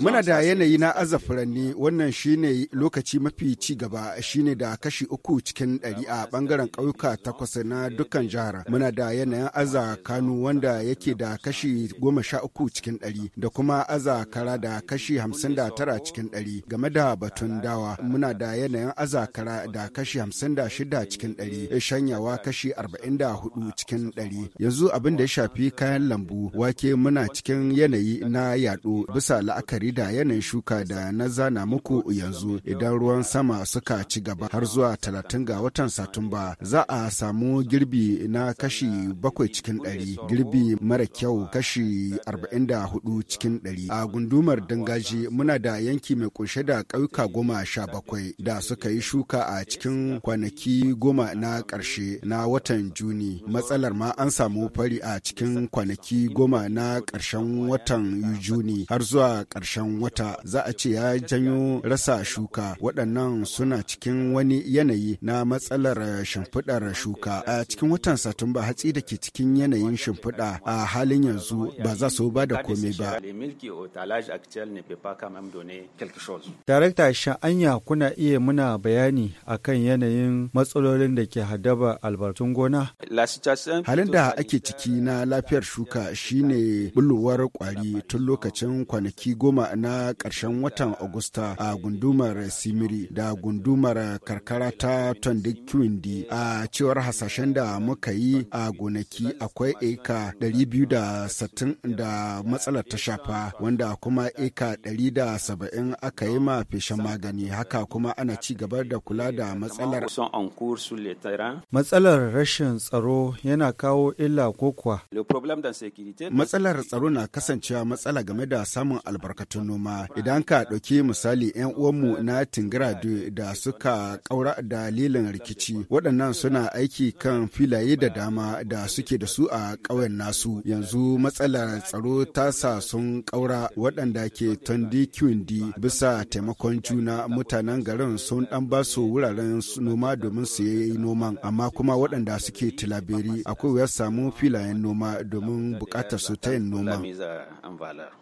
Muna da yanayi na aza furanni wannan shine lokaci mafi ci gaba shine da kashi uku cikin ɗari a bangaren ƙauyuka takwas na dukkan jihar. Muna da yanayin aza kanu wanda yake da kashi goma sha uku cikin ɗari da kuma aza kara da kashi hamsin da tara cikin ɗari. Game da batun dawa muna da yanayin aza kara da kashi hamsin da shida cikin ɗari shanyawa kashi arba'in da hudu cikin ɗari. Yanzu abin da ya shafi kayan lambu wake muna cikin yanayi na yadu bisa la'akari da yanayin shuka da na zana muku yanzu idan ruwan sama suka ci gaba har zuwa talatin ga watan satumba za a samu girbi na kashi bakwai cikin ɗari girbi mara kyau kashi arba'in da hudu cikin ɗari a gundumar dangaji muna da yanki mai kunshe da ƙauyuka goma sha bakwai da suka yi shuka a cikin kwanaki goma na ƙarshe na watan juni matsalar ma an samu fari a cikin kwanaki goma na ƙarshen watan Juni har zuwa ƙarshen wata za a ce ya janyo rasa shuka waɗannan suna cikin wani yanayi na matsalar shimfiɗar shuka. A cikin watan Satumba hatsi da ke cikin yanayin shimfiɗa a halin yanzu ba za su ba da komai ba. Darakta Sha'anya kuna iya muna bayani akan yanayin matsalolin da ke haddaba albarkatun gona? Halin da ake ciki na lafiyar shuka shine bulowar kwari tun lokacin kwanaki goma na ƙarshen watan Agusta a gundumar Simiri da gundumar karkara ta Tondikwindi a cewar hasashen da muka yi a gonaki akwai eka 260 da matsalar ta shafa wanda kuma eka 170 aka yi ma feshen magani haka kuma ana ci gaba da kula da matsalar. Matsalar rashin tsaro yana kawo illa ko kuwa. Matsalar tsaro na kasancewa matsala amfana game da samun albarkatun noma idan ka ɗauki misali 'yan uwanmu na tingiradu da suka ƙaura dalilin rikici waɗannan suna aiki kan filaye da dama da suke da su a ƙauyen nasu yanzu matsalar tsaro ta sa sun ƙaura waɗanda ke tondi kyundi bisa taimakon juna mutanen garin sun ɗan ba su wuraren noma domin su yi noman amma kuma waɗanda suke tilaberi akwai wuyar samu filayen noma domin buƙatar su ta yin noman.